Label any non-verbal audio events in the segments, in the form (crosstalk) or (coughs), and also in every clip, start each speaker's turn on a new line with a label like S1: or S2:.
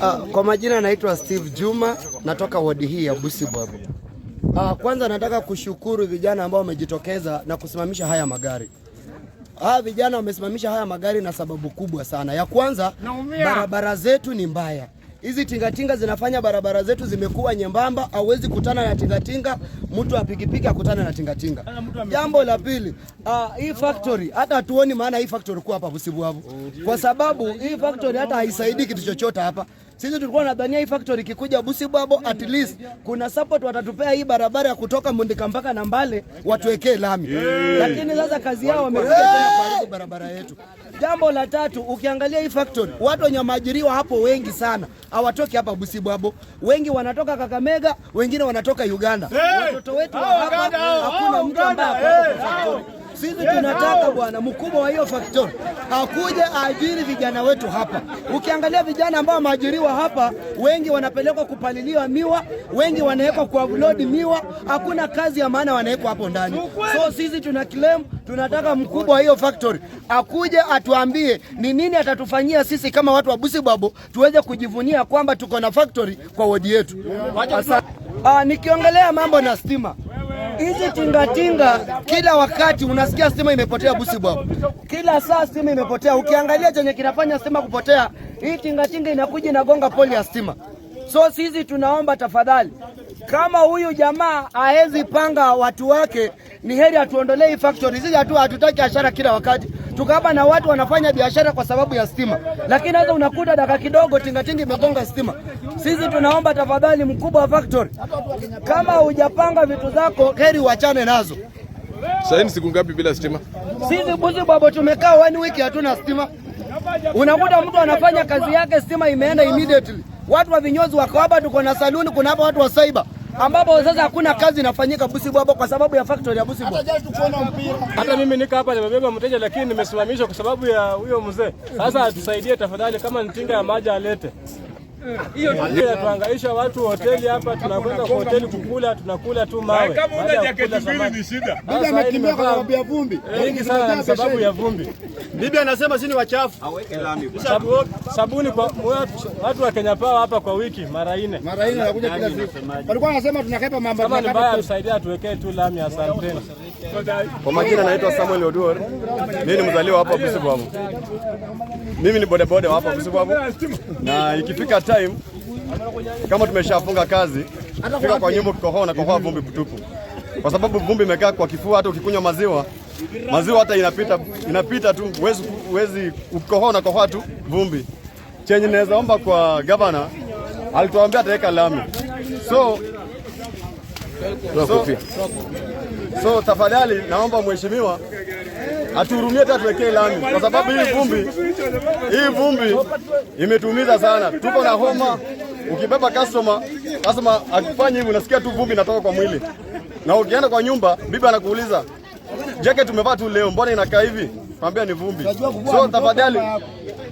S1: Uh, kwa majina naitwa Steve Juma natoka wadi hii ya Busibwabo. Uh, ah, kwanza nataka kushukuru vijana ambao wamejitokeza na kusimamisha haya magari. Hawa ah, vijana wamesimamisha haya magari na sababu kubwa sana. Ya kwanza, barabara zetu ni mbaya hizi tingatinga zinafanya barabara zetu zimekuwa nyembamba, hawezi kutana na tingatinga, mtu wa pikipiki akutana na tingatinga. Jambo la pili, uh, hii factory hata hatuoni maana hii factory kuwa hapa Busibu hapo, oh, kwa sababu hii factory hata haisaidii kitu chochote hapa. Sisi tulikuwa nadhania hii factory ikikuja Busibu hapo, at least kuna support watatupea hii barabara ya kutoka Mundika mpaka na Mbale watuwekee lami, lakini sasa kazi yao wamekuja tena barabara yetu. Jambo la tatu, ukiangalia hii factory, watu wenye maajiriwa hapo wengi sana hawatoki hapa busibabo wengi wanatoka Kakamega, wengine wanatoka Uganda. Watoto wetu hapa hakuna mtu ambaye sisi tunataka bwana mkubwa wa hiyo factory akuje aajiri vijana wetu hapa. Ukiangalia vijana ambao wameajiriwa hapa, wengi wanapelekwa kupaliliwa miwa, wengi wanawekwa upload miwa, hakuna kazi ya maana wanawekwa hapo ndani. So sisi tuna claim tunataka mkubwa wa hiyo factory akuje atuambie ni nini atatufanyia sisi kama watu wa Busibabo tuweze kujivunia kwamba tuko na factory kwa wodi yetu. Aa, ah, nikiongelea mambo na stima hizi tingatinga kila wakati unasikia stima imepotea busi Busibwa, kila saa stima imepotea. Ukiangalia chenye kinafanya stima kupotea, hii tingatinga inakuja inagonga poli ya stima. So sisi tunaomba tafadhali, kama huyu jamaa hawezi panga watu wake, ni heri atuondolee hii factory. Sisi hatu hatutaki ashara kila wakati tukapa na watu wanafanya biashara kwa sababu ya stima, lakini hata unakuta dakika kidogo tingatinga imegonga stima. Sisi tunaomba tafadhali, mkubwa wa factory, kama hujapanga vitu zako, heri uachane nazo.
S2: Sasa ni siku ngapi bila stima?
S1: Sisi buzi babo, tumekaa one week hatuna stima. Unakuta mtu anafanya kazi yake, stima imeenda immediately. Watu wa vinyozi wako hapa, tuko na saluni, kuna hapa watu wa cyber ambapo sasa hakuna kazi inafanyika Busibwabo kwa sababu ya factory ya Busibwabo.
S3: Hata mimi niko hapa nimebeba mteja, lakini nimesimamishwa kwa sababu ya huyo mzee. Sasa atusaidie tafadhali, kama ni tinga ya maji alete hiyo ndio inatuhangaisha watu. Hoteli hapa tunakwenda kwa hoteli kukula, tunakula tu mawe.
S4: Kama una jaketi mbili ni shida.
S1: Bibi anakimbia kwa sababu ya vumbi,
S3: wengi sana kwa sababu ya vumbi.
S4: Bibi anasema sisi ni wachafu, aweke
S3: lami sabuni kwa watu watu wa Kenya Power hapa kwa wiki mara nne, mara nne anakuja
S1: kila yaani siku. Walikuwa wanasema tunakepa mambo,
S3: kama ni mbaya, msaidie tuwekee tu lami. Asanteni.
S5: Kwa majina naitwa Samuel odor Mimi ni mzaliwa hapa Busubabu. Mimi ni bodaboda wa hapa Busubabu. Na ikifika time kama tumeshafunga kazi, fika kwa nyumba ukikohoa na kohoa vumbi kutupu. Kwa sababu vumbi imekaa kwa kifua hata ukikunywa maziwa, maziwa hata inapita inapita tu, uwezi, uwezi ukikohoa na kohoa tu vumbi. Chenye naweza omba kwa gavana alituambia ataweka lami. So, so So tafadhali naomba mheshimiwa atuhurumie hata tuwekee lami, kwa sababu hii vumbi hii vumbi imetuumiza sana. Tuko na homa, ukibeba customer lazima akifanye hivi, unasikia tu vumbi inatoka kwa mwili, na ukienda kwa nyumba bibi anakuuliza jacket tumevaa tu leo, mbona inakaa hivi? Naambia ni vumbi. So tafadhali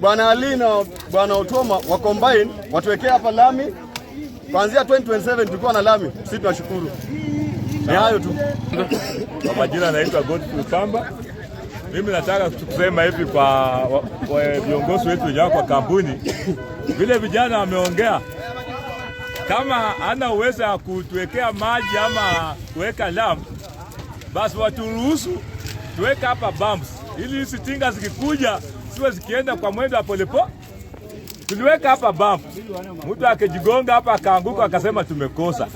S5: bwana Ali na bwana Otoma wa combine watuwekee hapa lami kuanzia 2027 tukiwa na lami, sisi tunashukuru. Ni hayo tu. (coughs)
S6: Kwa majina anaitwa Godfrey Samba. Mimi nataka kusema hivi kwa viongozi wetu vijana kwa kampuni, vile vijana wameongea, kama hana uwezo ya kutuwekea maji ama kuweka lamu, basi waturuhusu tuweke hapa bumps, ili hizi tinga zikikuja siwe zikienda kwa mwendo wa polepole tuliweka hapa bafu, mtu akijigonga hapa akaanguka akasema tumekosa.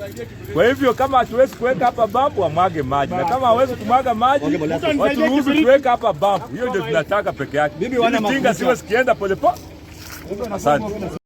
S6: Kwa hivyo kama hatuwezi kuweka hapa bafu, amwage maji, na kama hawezi kumwaga maji, waturuhusu tuweka hapa bafu. Hiyo ndio tunataka peke yake, ili tinga siwe sikienda polepole. Asante.